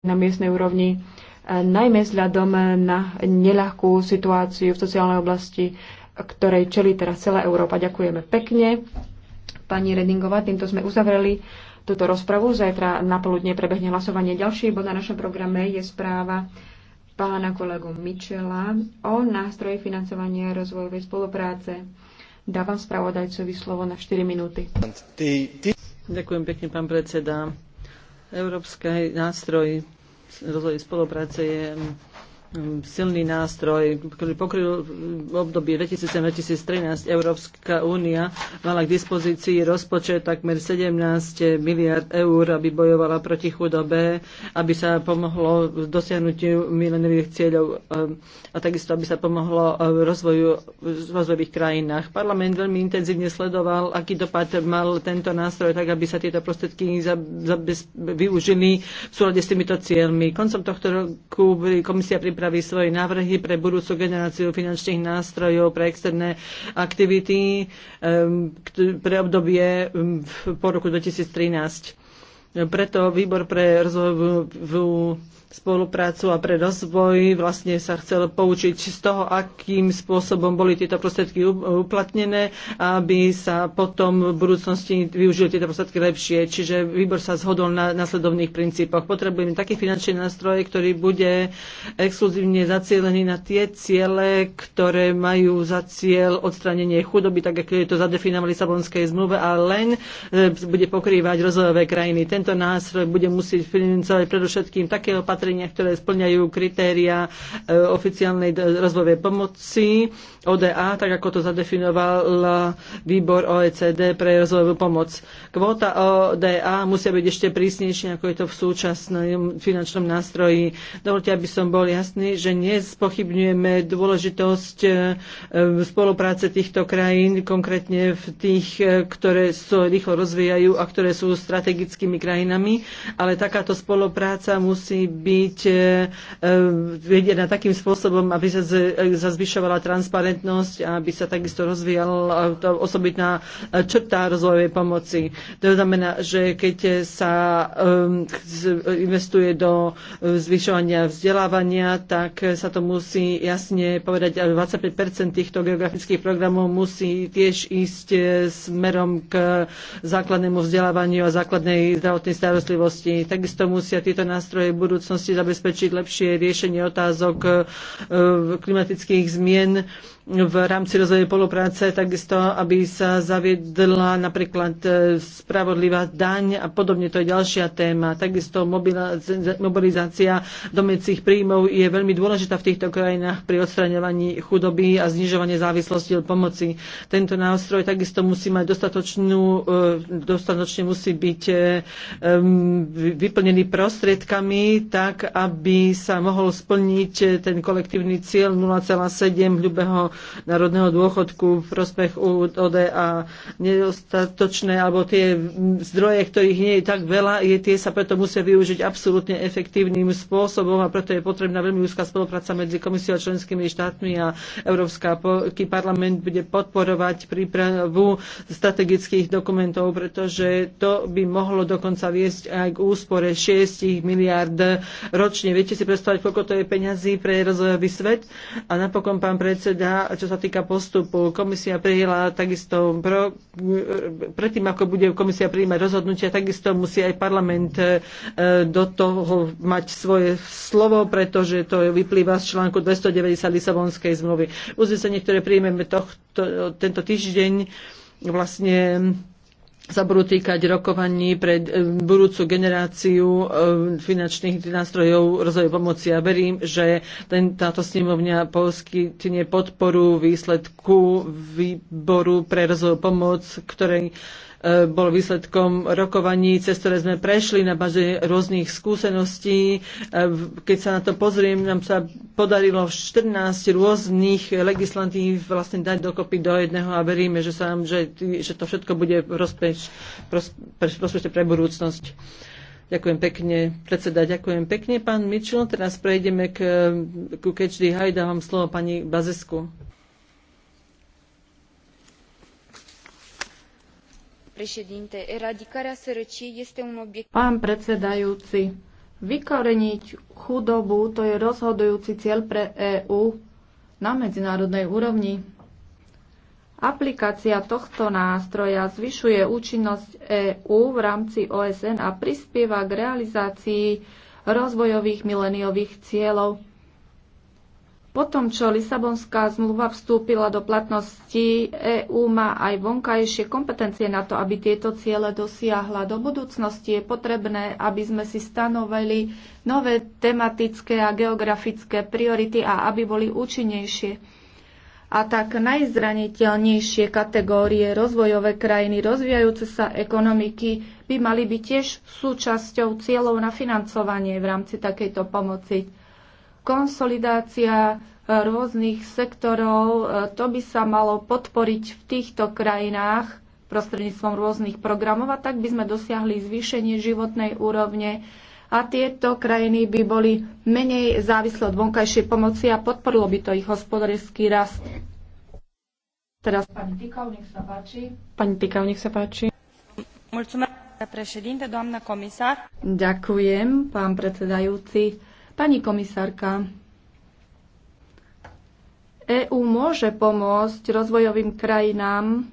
na miestnej úrovni, e, najmä vzhľadom e, na neľahkú situáciu v sociálnej oblasti, ktorej čelí teraz celá Európa. Ďakujeme pekne. Pani Redingová, týmto sme uzavreli túto rozpravu. Zajtra napoludne prebehne hlasovanie. Ďalší bod na našom programe je správa pána kolegu Mičela o nástroji financovania rozvojovej spolupráce. Dávam spravodajcovi slovo na 4 minúty. Ďakujem pekne, pán predseda. Európsky nástroj rozvoj spolupráce je Mm, silný nástroj, ktorý pokryl mm, v období 2007-2013 Európska únia mala k dispozícii rozpočet takmer 17 miliard eur, aby bojovala proti chudobe, aby sa pomohlo dosiahnutiu milenových cieľov eh, a takisto, aby sa pomohlo eh, rozvoju v rozvojových krajinách. Parlament veľmi intenzívne sledoval, aký dopad mal tento nástroj, tak aby sa tieto prostriedky využili v súlade s týmito cieľmi. Koncom tohto roku komisia pripravila pripraví svoje návrhy pre budúcu generáciu finančných nástrojov pre externé aktivity ehm, pre obdobie ehm, po roku 2013. Preto výbor pre rozvojovú spoluprácu a pre rozvoj vlastne sa chcel poučiť z toho, akým spôsobom boli tieto prostriedky uplatnené, aby sa potom v budúcnosti využili tieto prostriedky lepšie. Čiže výbor sa zhodol na následovných princípoch. Potrebujeme taký finančný nástroj, ktorý bude exkluzívne zacielený na tie ciele, ktoré majú za cieľ odstranenie chudoby, tak ako je to zadefinované v Lisabonskej zmluve, a len e, bude pokrývať rozvojové krajiny. Ten tento nástroj bude musieť financovať predovšetkým také opatrenia, ktoré splňajú kritéria e, oficiálnej rozvojovej pomoci ODA, tak ako to zadefinoval výbor OECD pre rozvojovú pomoc. Kvóta ODA musia byť ešte prísnejšia, ako je to v súčasnom finančnom nástroji. Dovolte, aby som bol jasný, že nespochybňujeme dôležitosť e, spolupráce týchto krajín, konkrétne v tých, e, ktoré sa rýchlo rozvíjajú a ktoré sú strategickými krajinami krajinami, ale takáto spolupráca musí byť e, e, vedená takým spôsobom, aby sa zazvyšovala e, transparentnosť a aby sa takisto rozvíjala osobitná črta rozvojovej pomoci. To znamená, že keď sa investuje do zvyšovania vzdelávania, tak sa to musí jasne povedať, 25 týchto geografických programov musí tiež ísť smerom k základnému vzdelávaniu a základnej zdravotnej zdravotnej starostlivosti. Takisto musia tieto nástroje v budúcnosti zabezpečiť lepšie riešenie otázok eh, klimatických zmien v rámci rozvojovej spolupráce, takisto, aby sa zaviedla napríklad e, spravodlivá daň a podobne, to je ďalšia téma. Takisto mobilizácia domecích príjmov je veľmi dôležitá v týchto krajinách pri odstraňovaní chudoby a znižovanie závislosti od pomoci. Tento nástroj takisto musí mať dostatočnú, e, dostatočne musí byť e, vyplnený prostriedkami tak, aby sa mohol splniť ten kolektívny cieľ 0,7 ľubého národného dôchodku v prospech UOD a nedostatočné, alebo tie zdroje, ktorých nie je tak veľa, je, tie sa preto musia využiť absolútne efektívnym spôsobom a preto je potrebná veľmi úzka spolupráca medzi komisiou a členskými štátmi a Európsky parlament bude podporovať prípravu strategických dokumentov, pretože to by mohlo dokonca viesť aj k úspore 6 miliard ročne. Viete si predstaviť, koľko to je peňazí pre rozvojový svet? A napokon, pán predseda, a čo sa týka postupu. Komisia prijela takisto, pro, predtým ako bude komisia prijímať rozhodnutia, takisto musí aj parlament e, do toho mať svoje slovo, pretože to vyplýva z článku 290 Lisabonskej zmluvy. Uznesenie, ktoré príjmeme tohto, tento týždeň, vlastne sa budú týkať rokovaní pre e, budúcu generáciu e, finančných nástrojov rozvoju pomoci. Ja verím, že ten, táto snemovňa poskytne podporu výsledku výboru pre rozvoj pomoc, ktorej E, bol výsledkom rokovaní, cez ktoré sme prešli na baze rôznych skúseností. E, keď sa na to pozriem, nám sa podarilo 14 rôznych legislatív vlastne dať dokopy do jedného a veríme, že, sa, že, že to všetko bude prospeč, pre budúcnosť. Ďakujem pekne, predseda, ďakujem pekne, pán Mičil. Teraz prejdeme k, ku Kečdy Hajda, High, slovo pani Bazesku. eradicarea sărăciei este un obiectiv... Pán predsedajúci, vykoreniť chudobu to je rozhodujúci cieľ pre EÚ na medzinárodnej úrovni. Aplikácia tohto nástroja zvyšuje účinnosť EÚ v rámci OSN a prispieva k realizácii rozvojových mileniových cieľov. Potom, čo Lisabonská zmluva vstúpila do platnosti, EÚ má aj vonkajšie kompetencie na to, aby tieto ciele dosiahla. Do budúcnosti je potrebné, aby sme si stanovili nové tematické a geografické priority a aby boli účinnejšie. A tak najzraniteľnejšie kategórie rozvojové krajiny, rozvíjajúce sa ekonomiky by mali byť tiež súčasťou cieľov na financovanie v rámci takejto pomoci konsolidácia e, rôznych sektorov, e, to by sa malo podporiť v týchto krajinách prostredníctvom rôznych programov a tak by sme dosiahli zvýšenie životnej úrovne a tieto krajiny by boli menej závislé od vonkajšej pomoci a podporilo by to ich hospodársky rast. Teraz pani Tikau, nech sa páči. Pani Tikau, nech sa páči. Ďakujem, pán predsedajúci Pani komisárka, EÚ môže pomôcť rozvojovým krajinám,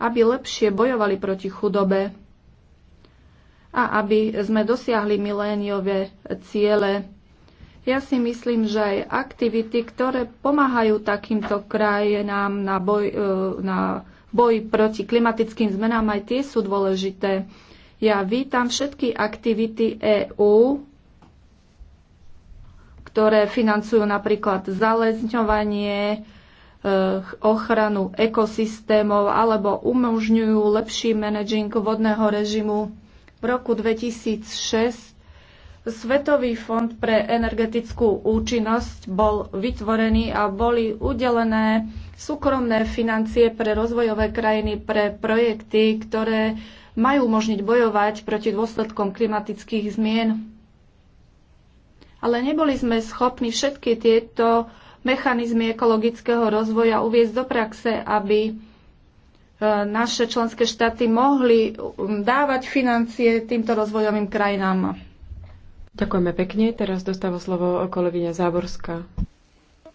aby lepšie bojovali proti chudobe a aby sme dosiahli miléniové ciele. Ja si myslím, že aj aktivity, ktoré pomáhajú takýmto krajinám na boj, e, na boj proti klimatickým zmenám, aj tie sú dôležité. Ja vítam všetky aktivity EÚ, ktoré financujú napríklad zalezňovanie, e, ochranu ekosystémov alebo umožňujú lepší managing vodného režimu. V roku 2006 Svetový fond pre energetickú účinnosť bol vytvorený a boli udelené súkromné financie pre rozvojové krajiny pre projekty, ktoré majú umožniť bojovať proti dôsledkom klimatických zmien ale neboli sme schopní všetky tieto mechanizmy ekologického rozvoja uviezť do praxe, aby e, naše členské štáty mohli um, dávať financie týmto rozvojovým krajinám. Ďakujeme pekne. Teraz dostáva slovo kolegyňa Záborská.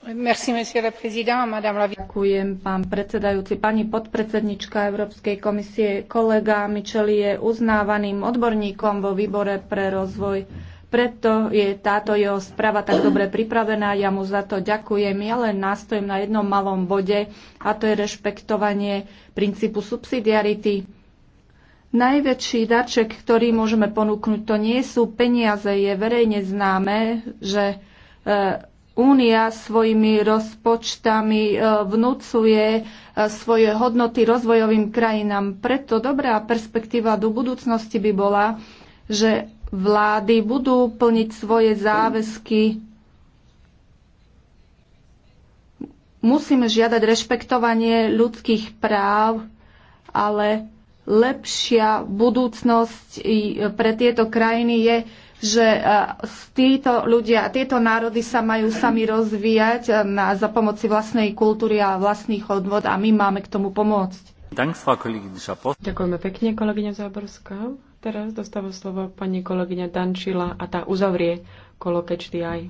Merci, monsieur le président, madame la... Ďakujem, pán predsedajúci, pani podpredsednička Európskej komisie. Kolega Micheli je uznávaným odborníkom vo výbore pre rozvoj preto je táto jeho správa tak dobre pripravená, ja mu za to ďakujem. Ja len nástojím na jednom malom bode a to je rešpektovanie princípu subsidiarity. Najväčší darček, ktorý môžeme ponúknuť, to nie sú peniaze. Je verejne známe, že e, Únia svojimi rozpočtami e, vnúcuje e, svoje hodnoty rozvojovým krajinám. Preto dobrá perspektíva do budúcnosti by bola, že vlády budú plniť svoje záväzky. Musíme žiadať rešpektovanie ľudských práv, ale lepšia budúcnosť pre tieto krajiny je, že e, títo ľudia, tieto národy sa majú sami rozvíjať e, na, za pomoci vlastnej kultúry a vlastných odvod a my máme k tomu pomôcť. Ďakujeme pekne, kolegyňa Záborská. Teraz dostáva slovo pani kolegyňa Dančila a tá uzavrie kolo KHDI.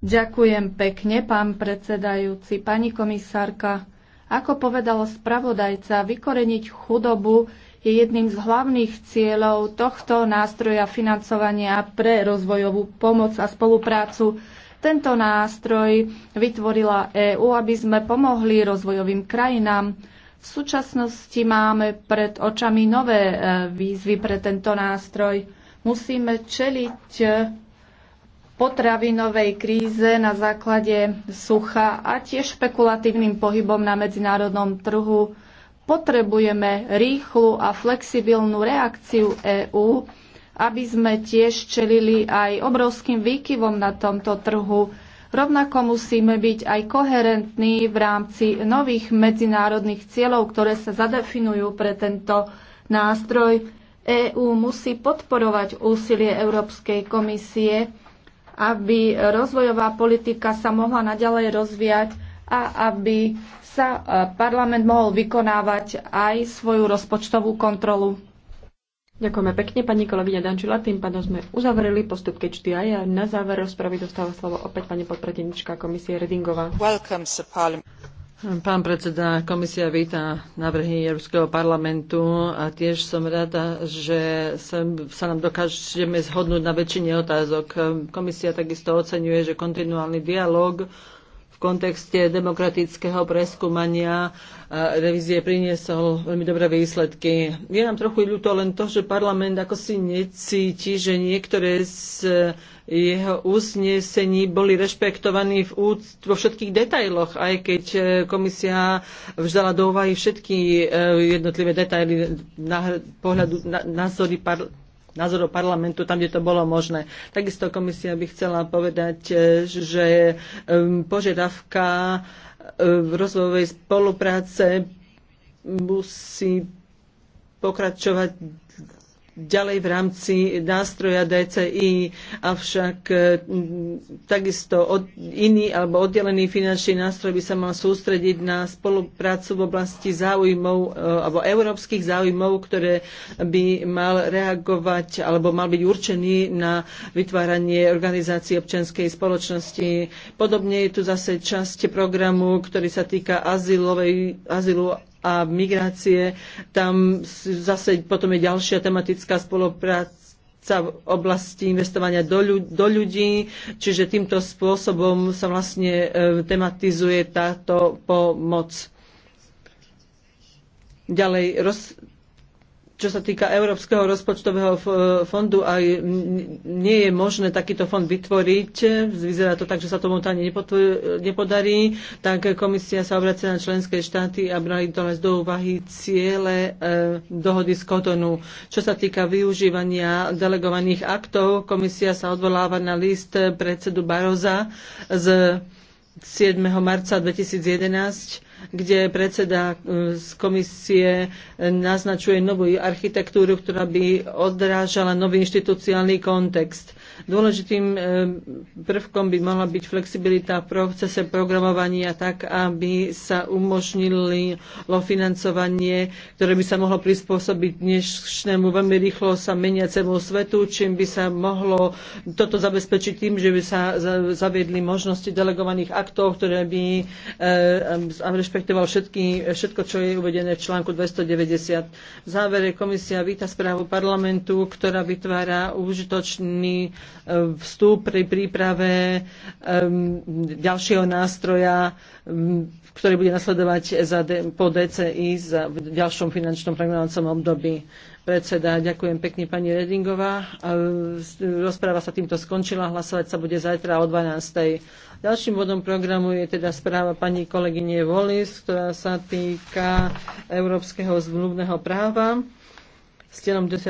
Ďakujem pekne, pán predsedajúci, pani komisárka. Ako povedal spravodajca, vykoreniť chudobu je jedným z hlavných cieľov tohto nástroja financovania pre rozvojovú pomoc a spoluprácu. Tento nástroj vytvorila EÚ, aby sme pomohli rozvojovým krajinám. V súčasnosti máme pred očami nové e, výzvy pre tento nástroj. Musíme čeliť e, potravinovej kríze na základe sucha a tiež špekulatívnym pohybom na medzinárodnom trhu. Potrebujeme rýchlu a flexibilnú reakciu EÚ, aby sme tiež čelili aj obrovským výkyvom na tomto trhu Rovnako musíme byť aj koherentní v rámci nových medzinárodných cieľov, ktoré sa zadefinujú pre tento nástroj. EÚ musí podporovať úsilie Európskej komisie, aby rozvojová politika sa mohla naďalej rozvíjať a aby sa e, parlament mohol vykonávať aj svoju rozpočtovú kontrolu. Ďakujeme pekne, pani kolegyňa Dančila. Tým pádom sme uzavreli postup KHDI a na záver rozpravy dostáva slovo opäť pani podpredsednička komisie Redingová. Pán predseda, komisia víta návrhy Európskeho parlamentu a tiež som rada, že sa nám dokážeme zhodnúť na väčšine otázok. Komisia takisto oceňuje, že kontinuálny dialog v kontexte demokratického preskúmania revízie priniesol veľmi dobré výsledky. Je nám trochu ľúto len to, že parlament ako si necíti, že niektoré z jeho uznesení boli rešpektovaní v vo všetkých detailoch, aj keď e, komisia vzdala do úvahy všetky e, jednotlivé detaily na pohľadu, na, názory par názorov parlamentu tam, kde to bolo možné. Takisto komisia by chcela povedať, e, že e, požiadavka e, rozvojovej spolupráce musí pokračovať ďalej v rámci nástroja DCI, avšak e, takisto od, iný alebo oddelený finančný nástroj by sa mal sústrediť na spoluprácu v oblasti záujmov e, alebo európskych záujmov, ktoré by mal reagovať alebo mal byť určený na vytváranie organizácií občianskej spoločnosti. Podobne je tu zase časť programu, ktorý sa týka azylovej, azylu a migrácie. Tam zase potom je ďalšia tematická spolupráca sa v oblasti investovania do, ľu- do ľudí, čiže týmto spôsobom sa vlastne e, tematizuje táto pomoc. Ďalej, roz- čo sa týka Európskeho rozpočtového fondu, aj nie je možné takýto fond vytvoriť. Vyzerá to tak, že sa tomu to ani nepodarí. Tak komisia sa obracia na členské štáty a brali to do úvahy ciele e, dohody z Kotonu. Čo sa týka využívania delegovaných aktov, komisia sa odvoláva na list predsedu Baroza z 7. marca 2011 kde predseda e, z komisie e, naznačuje novú architektúru, ktorá by odrážala nový inštitucionálny kontext. Dôležitým e, prvkom by mohla byť flexibilita v procese programovania tak, aby sa umožnilo financovanie, ktoré by sa mohlo prispôsobiť dnešnému veľmi rýchlo sa meniacemu svetu, čím by sa mohlo toto zabezpečiť tým, že by sa zaviedli možnosti delegovaných aktov, ktoré by e, rešpektoval všetky, všetko, čo je uvedené v článku 290. V závere komisia víta správu parlamentu, ktorá vytvára užitočný vstup pri príprave ďalšieho nástroja, ktorý bude nasledovať za, po DCI za, v ďalšom finančnom programovacom období. Predseda, ďakujem pekne pani Redingová. E, rozpráva sa týmto skončila, hlasovať sa bude zajtra o 12.00. Ďalším bodom programu je teda správa pani kolegyne Volis, ktorá sa týka európskeho zmluvného práva s